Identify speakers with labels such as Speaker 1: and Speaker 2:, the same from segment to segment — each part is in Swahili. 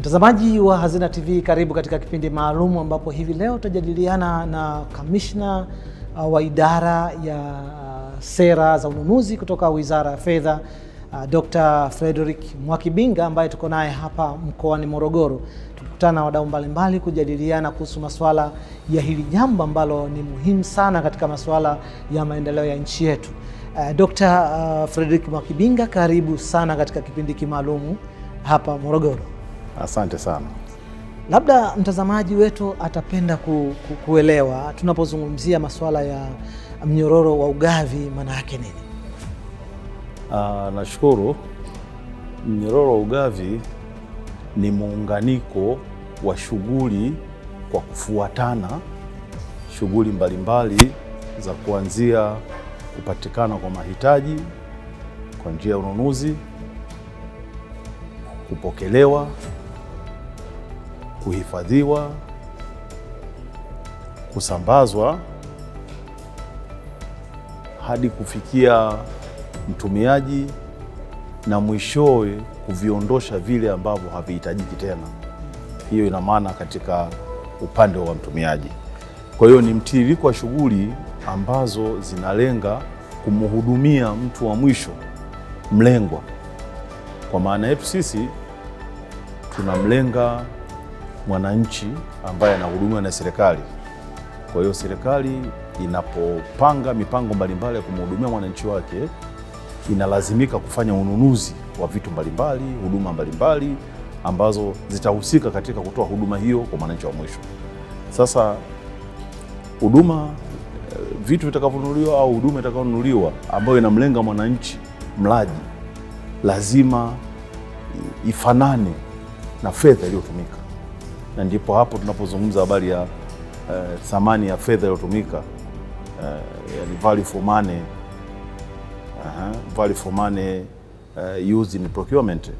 Speaker 1: Mtazamaji wa Hazina TV, karibu katika kipindi maalum ambapo hivi leo tutajadiliana na kamishna uh, wa idara ya uh, sera za ununuzi kutoka Wizara ya Fedha, uh, Dr. Frederick Mwakibinga ambaye tuko naye hapa mkoani Morogoro. Tukutana na wadau mbalimbali kujadiliana kuhusu masuala ya hili jambo ambalo ni muhimu sana katika masuala ya maendeleo ya nchi yetu. Dr. Frederick Mwakibinga, karibu sana katika kipindi kimaalumu hapa Morogoro.
Speaker 2: Asante sana.
Speaker 1: Labda mtazamaji wetu atapenda ku, ku, kuelewa tunapozungumzia masuala ya mnyororo wa ugavi maana yake nini?
Speaker 2: Uh, nashukuru. Mnyororo wa ugavi ni muunganiko wa shughuli kwa kufuatana, shughuli mbalimbali za kuanzia kupatikana kwa mahitaji kwa njia ya ununuzi, kupokelewa kuhifadhiwa, kusambazwa hadi kufikia mtumiaji na mwishowe kuviondosha vile ambavyo havihitajiki tena. Hiyo ina maana katika upande wa mtumiaji. Kwa hiyo ni mtiririko wa shughuli ambazo zinalenga kumhudumia mtu wa mwisho mlengwa. Kwa maana yetu sisi tunamlenga mwananchi ambaye anahudumiwa na serikali. Kwa hiyo serikali inapopanga mipango mbalimbali ya kumhudumia mwananchi wake inalazimika kufanya ununuzi wa vitu mbalimbali, huduma mbalimbali ambazo zitahusika katika kutoa huduma hiyo kwa mwananchi wa mwisho. Sasa huduma eh, vitu vitakavyonunuliwa au huduma itakayonunuliwa ambayo inamlenga mwananchi mlaji lazima eh, ifanane na fedha iliyotumika na ndipo hapo tunapozungumza habari ya eh, thamani ya fedha iliyotumika uh, yani value for money uh, value for money uh, used in procurement uh,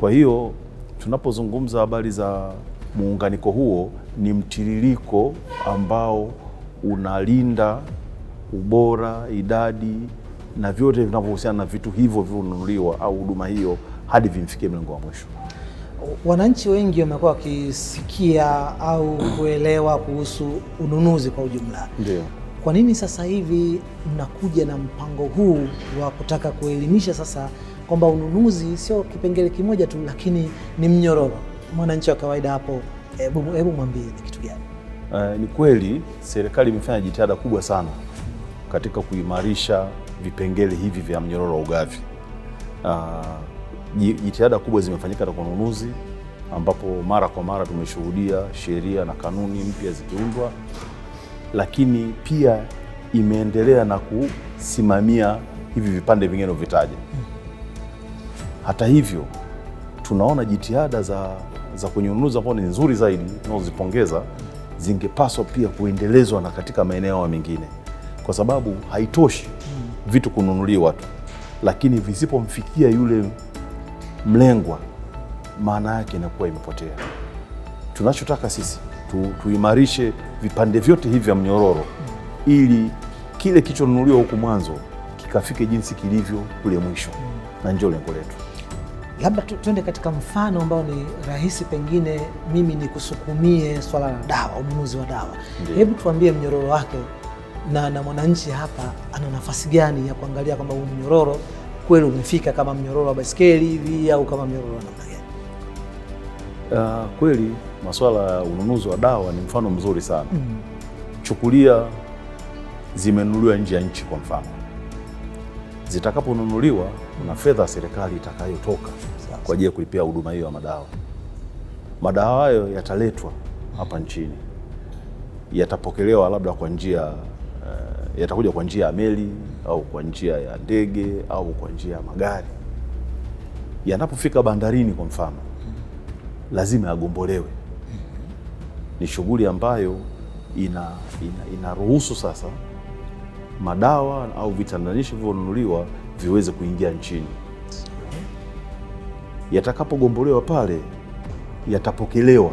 Speaker 2: kwa hiyo tunapozungumza habari za muunganiko huo, ni mtiririko ambao unalinda ubora, idadi na vyote vinavyohusiana na vitu hivyo vinunuliwa au huduma hiyo hadi vimfikie mlengo wa mwisho
Speaker 1: wananchi wengi wamekuwa wakisikia au kuelewa kuhusu ununuzi kwa ujumla. Ndio. Kwa nini sasa hivi mnakuja na mpango huu wa kutaka kuelimisha sasa kwamba ununuzi sio kipengele kimoja tu, lakini ni mnyororo? Mwananchi wa kawaida hapo, hebu mwambie ni kitu gani?
Speaker 2: Uh, ni kweli serikali imefanya jitihada kubwa sana katika kuimarisha vipengele hivi vya mnyororo wa ugavi. Uh, jitihada kubwa zimefanyika katika ununuzi, ambapo mara kwa mara tumeshuhudia sheria na kanuni mpya zikiundwa, lakini pia imeendelea na kusimamia hivi vipande vingine vitaje. Hata hivyo, tunaona jitihada za, za kwenye ununuzi ambao ni nzuri zaidi tunazozipongeza zingepaswa pia kuendelezwa na katika maeneo mengine, kwa sababu haitoshi vitu kununuliwa tu, lakini visipomfikia yule mlengwa, maana yake inakuwa imepotea. Tunachotaka sisi tu, tuimarishe vipande vyote hivi vya mnyororo ili kile kilichonunuliwa huku mwanzo kikafike jinsi kilivyo kule mwisho, na ndio lengo letu.
Speaker 1: Labda tuende katika mfano ambao ni rahisi, pengine mimi nikusukumie swala la dawa, ununuzi wa dawa. Hebu tuambie mnyororo wake na, na mwananchi hapa ana nafasi gani ya kuangalia kwamba huu mnyororo kweli umefika kama mnyororo wa baiskeli hivi au kama mnyororo wa namna gani?
Speaker 2: Uh, kweli masuala ya ununuzi wa dawa ni mfano mzuri sana mm. Chukulia zimenunuliwa nje ya nchi kwa mfano, zitakaponunuliwa kuna fedha serikali itakayotoka kwa ajili ya kulipia huduma hiyo ya madawa. Madawa hayo yataletwa hapa nchini, yatapokelewa labda kwa njia eh, yatakuja kwa njia ya meli au kwa njia ya ndege au kwa njia ya magari. Yanapofika bandarini, kwa mfano, lazima yagombolewe. Ni shughuli ambayo ina inaruhusu ina sasa madawa au vitandanishi vilivyonunuliwa viweze kuingia nchini. Yatakapogombolewa pale, yatapokelewa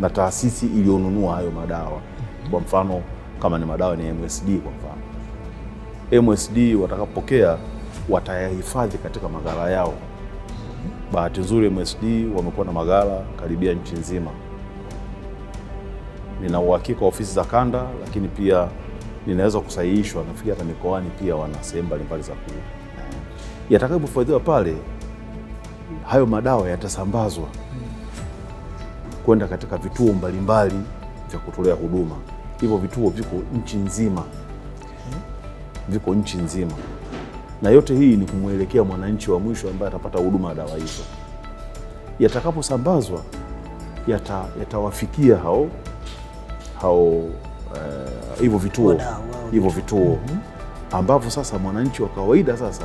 Speaker 2: na taasisi iliyonunua hayo madawa, kwa mfano kama ni madawa ni MSD kwa mfano. MSD watakapokea watayahifadhi katika maghala yao. Bahati nzuri MSD wamekuwa na maghala karibia nchi nzima. Nina uhakika ofisi za kanda, lakini pia ninaweza kusahihishwa, nafikiri hata mikoani pia wana sehemu mbalimbali za ku yatakapohifadhiwa pale, hayo madawa yatasambazwa kwenda katika vituo mbalimbali vya kutolea huduma hivyo vituo viko nchi nzima, viko nchi nzima, na yote hii ni kumwelekea mwananchi wa mwisho ambaye atapata huduma ya dawa hizo. Yatakaposambazwa yatawafikia yata hao hao hivyo uh, eh, vituo hivyo vituo mm -hmm. ambavyo sasa mwananchi wa kawaida sasa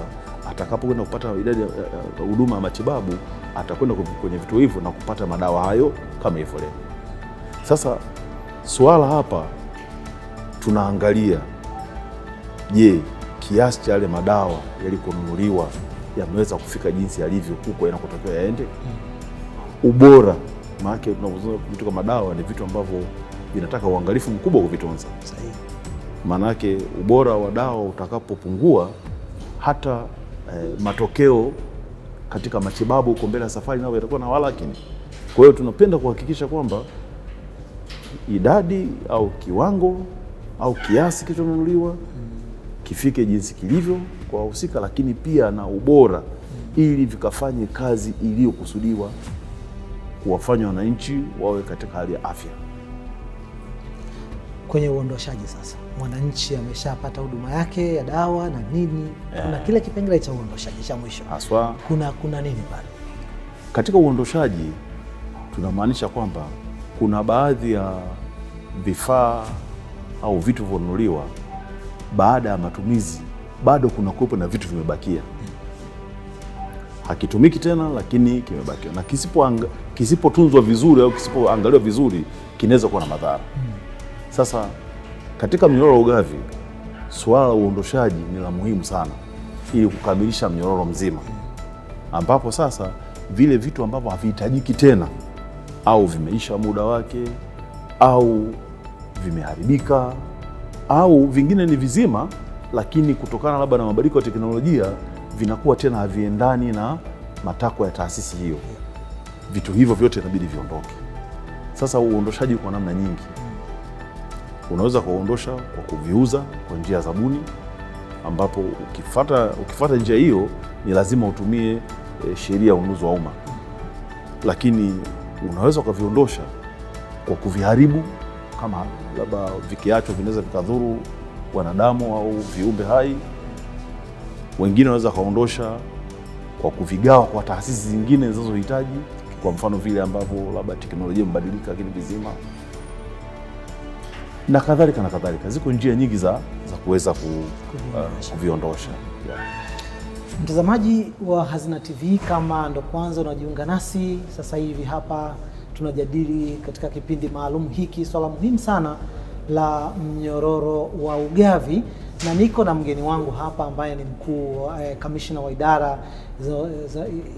Speaker 2: atakapokwenda kupata idadi huduma ya matibabu atakwenda kwenye vituo hivyo na kupata madawa hayo kama hivyo leo. Sasa suala hapa tunaangalia, je, kiasi cha yale madawa yalikonunuliwa yameweza kufika jinsi yalivyo huko yanakotakiwa yaende? Ubora, maanake tunazungumza vitu kama madawa ni vitu ambavyo vinataka uangalifu mkubwa kuvitunza. Maanake ubora wa dawa utakapopungua hata eh, matokeo katika matibabu huko mbele ya safari nayo yatakuwa na walakini. Kwa hiyo tunapenda kuhakikisha kwamba idadi au kiwango au kiasi kilichonunuliwa kifike jinsi kilivyo kwa wahusika, lakini pia na ubora, ili vikafanye kazi iliyokusudiwa kuwafanya wananchi wawe katika hali ya afya.
Speaker 1: Kwenye uondoshaji sasa, mwananchi ameshapata huduma yake ya dawa na nini, kuna yeah, kile kipengele cha uondoshaji cha mwisho haswa, kuna, kuna nini pale
Speaker 2: katika uondoshaji? Tunamaanisha kwamba kuna baadhi ya vifaa au vitu vilivyonunuliwa baada ya matumizi bado kuna kuwepo na vitu vimebakia, hakitumiki tena, lakini kimebakia, na kisipotunzwa kisipo vizuri au kisipoangaliwa vizuri kinaweza kuwa na madhara. Sasa katika mnyororo wa ugavi, suala la uondoshaji ni la muhimu sana, ili kukamilisha mnyororo mzima, ambapo sasa vile vitu ambavyo havihitajiki tena au vimeisha muda wake au vimeharibika au vingine ni vizima, lakini kutokana labda na mabadiliko ya teknolojia vinakuwa tena haviendani na matakwa ya taasisi hiyo. Vitu hivyo vyote inabidi viondoke. Sasa uondoshaji kwa namna nyingi, unaweza kuondosha kwa kuviuza kwa njia ya zabuni, ambapo ukifata, ukifata njia hiyo ni lazima utumie e, sheria ya ununuzi wa umma, lakini unaweza ukaviondosha kwa kuviharibu kama labda vikiachwa vinaweza vikadhuru wanadamu au viumbe hai. Wengine wanaweza kaondosha kwa kuvigawa kwa taasisi zingine zinazohitaji, kwa mfano vile ambavyo labda teknolojia imebadilika, lakini vizima na kadhalika na kadhalika. Ziko njia nyingi za, za kuweza ku, uh, kuviondosha yeah.
Speaker 1: Mtazamaji wa Hazina TV, kama ndo kwanza unajiunga nasi sasa hivi hapa tunajadili katika kipindi maalum hiki swala muhimu sana la mnyororo wa ugavi, na niko na mgeni wangu hapa ambaye ni mkuu eh, kamishna wa idara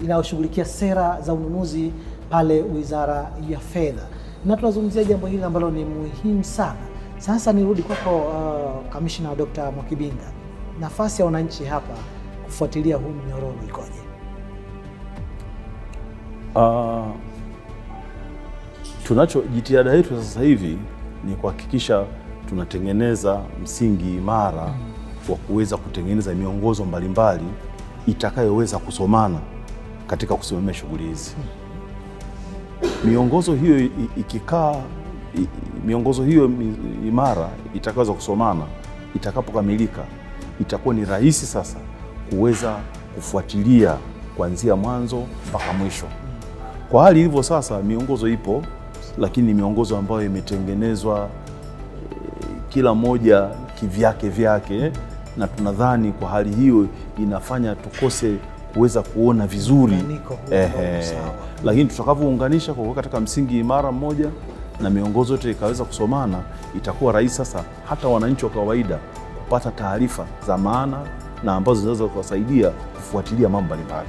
Speaker 1: inayoshughulikia sera za ununuzi pale Wizara ya Fedha, na tunazungumzia jambo hili ambalo ni muhimu sana. Sasa nirudi kwako kwa, uh, kamishna Dr. Mwakibinga, nafasi ya wananchi hapa kufuatilia huu mnyororo ikoje?
Speaker 2: uh tunacho jitihada yetu sasa hivi ni kuhakikisha tunatengeneza msingi imara wa kuweza kutengeneza miongozo mbalimbali itakayoweza kusomana katika kusimamia shughuli hizi. Miongozo hiyo ikikaa, miongozo hiyo imara itakayoweza kusomana itakapokamilika, itakuwa ni rahisi sasa kuweza kufuatilia kuanzia mwanzo mpaka mwisho. Kwa hali ilivyo sasa, miongozo ipo lakini ni miongozo ambayo imetengenezwa eh, kila moja kivyake vyake, na tunadhani kwa hali hiyo inafanya tukose kuweza kuona vizuri
Speaker 1: ehe,
Speaker 2: lakini tutakavyounganisha kwa katika msingi imara mmoja na miongozo yote ikaweza kusomana, itakuwa rahisi sasa hata wananchi wa kawaida kupata taarifa za maana na ambazo zinaweza kuwasaidia kufuatilia mambo mbalimbali.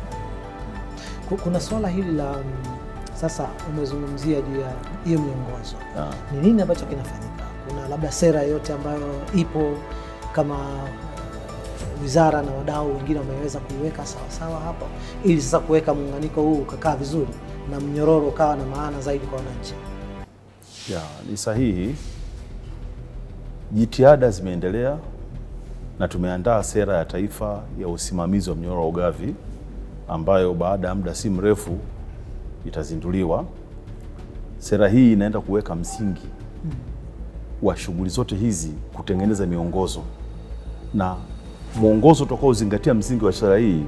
Speaker 1: Kuna swala hili la mm, sasa umezungumzia juu ya hiyo miongozo ah. ni nini ambacho kinafanyika? Kuna labda sera yote ambayo ipo kama eh, wizara na wadau wengine wameweza kuiweka sawasawa hapo ili sasa kuweka muunganiko huu ukakaa vizuri na mnyororo ukawa na maana zaidi kwa wananchi?
Speaker 2: Ya, ni sahihi, jitihada zimeendelea na tumeandaa sera ya taifa ya usimamizi wa mnyororo wa ugavi ambayo baada ya muda si mrefu itazinduliwa. Sera hii inaenda kuweka msingi wa shughuli zote hizi, kutengeneza miongozo na mwongozo utakaozingatia msingi wa sera hii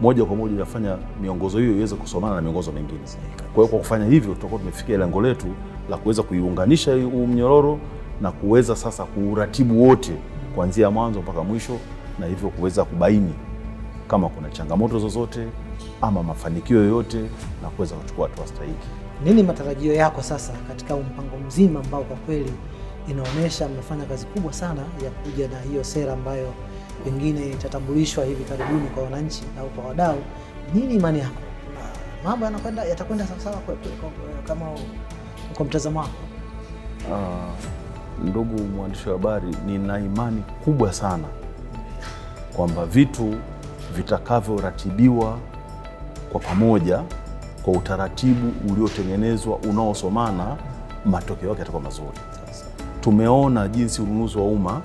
Speaker 2: moja kwa moja inafanya miongozo hiyo iweze kusomana na miongozo mingine. Kwa hiyo kwa kufanya hivyo, tutakuwa tumefikia lengo letu la kuweza kuiunganisha huu mnyororo na kuweza sasa kuuratibu wote kuanzia mwanzo mpaka mwisho, na hivyo kuweza kubaini kama kuna changamoto zozote ama mafanikio yoyote na kuweza kuchukua hatua stahiki
Speaker 1: nini matarajio yako sasa katika mpango mzima ambao kwa kweli inaonyesha mmefanya kazi kubwa sana ya kuja na hiyo sera ambayo pengine itatambulishwa hivi karibuni kwa wananchi au kwa wadau? Nini imani yako mambo yanakwenda yatakwenda sawasawa kama kwa mtazamo wako?
Speaker 2: Uh, ndugu mwandishi wa habari, nina imani kubwa sana kwamba vitu vitakavyoratibiwa kwa pamoja kwa utaratibu uliotengenezwa unaosomana, matokeo yake yatakuwa mazuri. Tumeona jinsi ununuzi wa umma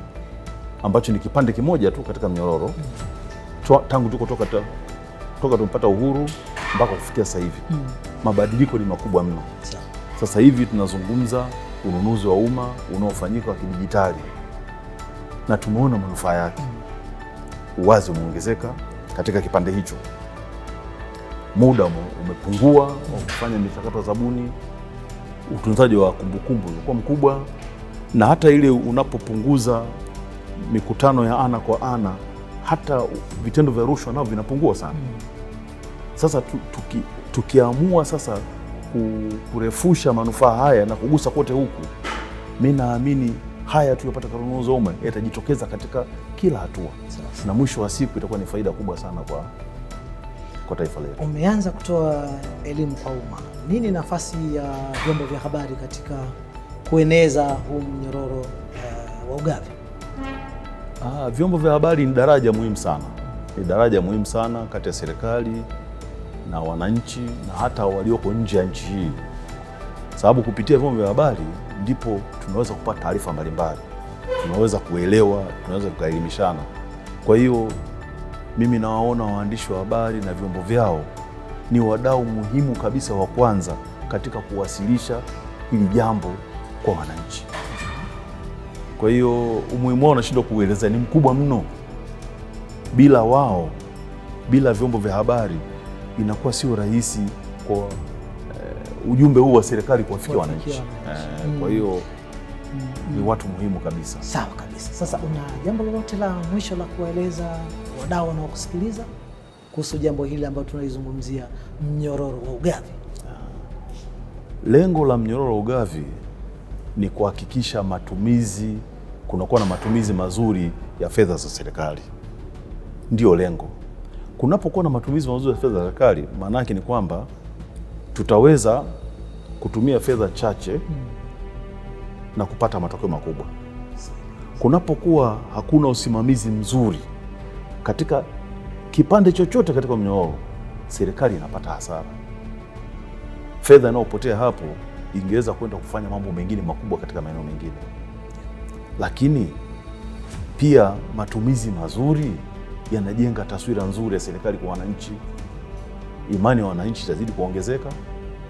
Speaker 2: ambacho ni kipande kimoja tu katika mnyororo tangu tuko toka, toka tumepata uhuru mpaka kufikia sasa hivi hmm. Mabadiliko ni makubwa mno. Sasa hivi tunazungumza ununuzi wa umma unaofanyika wa kidijitali na tumeona manufaa yake mm. Uwazi umeongezeka katika kipande hicho muda umepungua wa kufanya michakato ya zabuni, utunzaji wa kumbukumbu ulikuwa mkubwa, na hata ile unapopunguza mikutano ya ana kwa ana, hata vitendo vya rushwa nao vinapungua sana. Hmm. Sasa tuki, tukiamua sasa kurefusha manufaa haya na kugusa kote huku, mi naamini haya tuliyopata Karunia Za yatajitokeza katika kila hatua, na mwisho wa siku itakuwa ni faida kubwa sana kwa kwa taifa letu.
Speaker 1: Umeanza kutoa elimu kwa umma, nini nafasi ya vyombo vya habari katika kueneza huu mnyororo uh, wa ugavi?
Speaker 2: Ah, vyombo vya habari ni daraja muhimu sana, ni daraja muhimu sana kati ya serikali na wananchi na hata walioko nje ya nchi hii, sababu kupitia vyombo vya habari ndipo tunaweza kupata taarifa mbalimbali, tunaweza kuelewa, tunaweza tukaelimishana. Kwa hiyo mimi nawaona waandishi wa habari na vyombo vyao ni wadau muhimu kabisa wa kwanza katika kuwasilisha hili jambo kwa wananchi. Kwa hiyo umuhimu wao nashindwa kueleza, ni mkubwa mno. Bila wao, bila vyombo vya habari, inakuwa sio rahisi kwa uh, ujumbe huu wa serikali kuwafikia wananchi eh, Kwa hiyo mm. ni watu muhimu kabisa.
Speaker 1: Sawa kabisa. Sasa una jambo lolote la mwisho la kueleza wadau wanaokusikiliza kuhusu jambo hili ambalo tunalizungumzia, mnyororo wa ugavi.
Speaker 2: Lengo la mnyororo wa ugavi ni kuhakikisha matumizi, kunakuwa na matumizi mazuri ya fedha za serikali, ndiyo lengo. Kunapokuwa na matumizi mazuri ya fedha za serikali, maana yake ni kwamba tutaweza kutumia fedha chache na kupata matokeo makubwa. Kunapokuwa hakuna usimamizi mzuri katika kipande chochote katika mnyororo, serikali inapata hasara. Fedha inayopotea hapo ingeweza kwenda kufanya mambo mengine makubwa katika maeneo mengine, lakini pia matumizi mazuri yanajenga taswira nzuri ya serikali kwa wananchi. Imani ya wananchi itazidi kuongezeka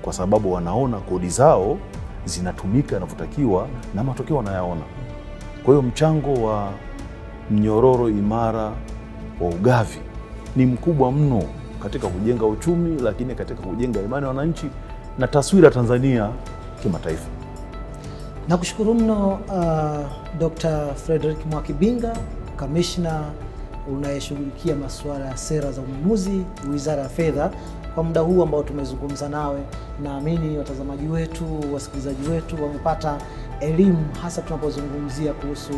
Speaker 2: kwa sababu wanaona kodi zao zinatumika inavyotakiwa na matokeo wanayaona. Kwa hiyo mchango wa mnyororo imara wa ugavi ni mkubwa mno katika kujenga uchumi, lakini katika kujenga imani ya wananchi na taswira Tanzania kimataifa.
Speaker 1: Nakushukuru mno uh, Dr. Frederick Mwakibinga, kamishna unayeshughulikia masuala ya sera za ununuzi, Wizara ya Fedha, kwa muda huu ambao tumezungumza nawe. Naamini watazamaji wetu, wasikilizaji wetu wamepata elimu, hasa tunapozungumzia kuhusu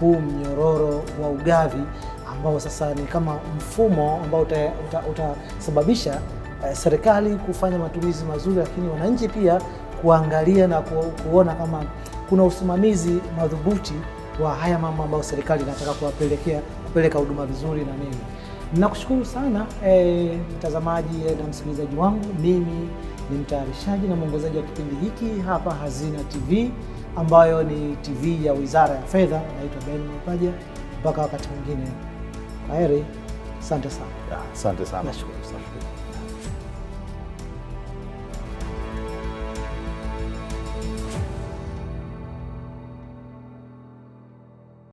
Speaker 1: huu mnyororo wa ugavi ambao sasa ni kama mfumo ambao utasababisha uta, uta uh, serikali kufanya matumizi mazuri, lakini wananchi pia kuangalia na ku, kuona kama kuna usimamizi madhubuti wa haya mambo ambayo serikali inataka kuwapelekea kupeleka huduma vizuri na nini. Nakushukuru sana eh, mtazamaji eh, na msikilizaji wangu. Mimi ni mtayarishaji na mwongozaji wa kipindi hiki hapa Hazina TV ambayo ni TV ya Wizara ya Fedha. Naitwa Ben Paja, mpaka wakati mwingine. Maheri, asante sana. Asante sana. Nashukuru.